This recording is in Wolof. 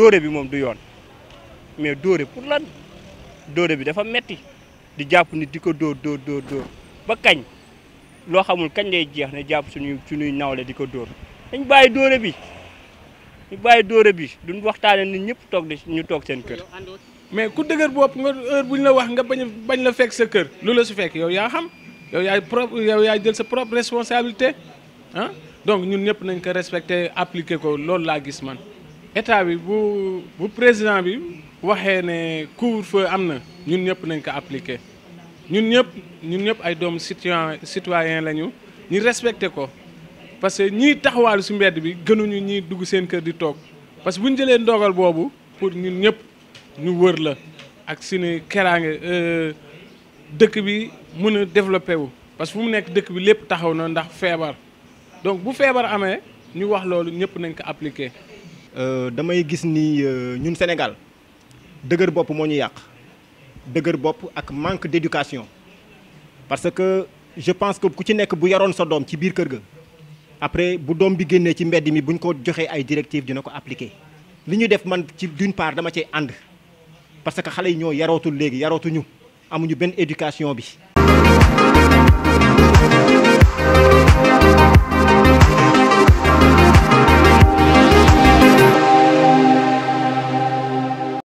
doore bi moom du yoon mais dóore pour lan dóore bi dafa metti di jàpp nit di ko dóor dóor dóor dóor ba kañ loo xamul kañ lay jeex ne jàpp suñuy suñuy nawle di ko dóor dañ bàyyi dóore bi ñu bàyyi dóore bi duñ waxtaane nit ñëpp toog di ñu toog seen kër mais ku dëgër bopp nga heure bu ñu la wax nga bañ bañ la fekk sa kër lu la su fekk yow yaa xam yow yaay propre yow yaay jël sa propre responsabilité ah donc ñun ñëpp nañ ko respecté appliqué ko loolu laa gis man état bi bu bu président bi waxee ne couvre-feu am na ñun ñëpp nañ ko appliquer ñun ñëpp ñun ñëpp ay doomu citoyen citoyen lañu ñu respecté ko parce que ñiy taxawaalu ci mbedd bi gënuñu ñiy dugg seen kër di toog parce que bu ñu jëlee ndogal boobu pour ñun ñëpp ñu wër la ak suñu keraange euh, dëkk bi mun a développé wu. parce que fu mu nekk dëkk bi lépp taxaw na ndax feebar donc bu feebar amee ñu wax loolu ñëpp nañ ko appliquer. Euh, damay gis ni euh, ñun Sénégal dëgër bopp moo ñu yàq dëgër bopp ak manque d'éducation parce que je pense que ku ci nekk bu yaroon sa doom ci biir kër ga après bu doom bi génnee ci mbedd mi bu ñu ko joxee ay directives dina ko appliquer li ñu def man ci d'une part dama cee ànd parce que xale yi ñoo yarootul léegi yarootuñu amuñu benn éducation bi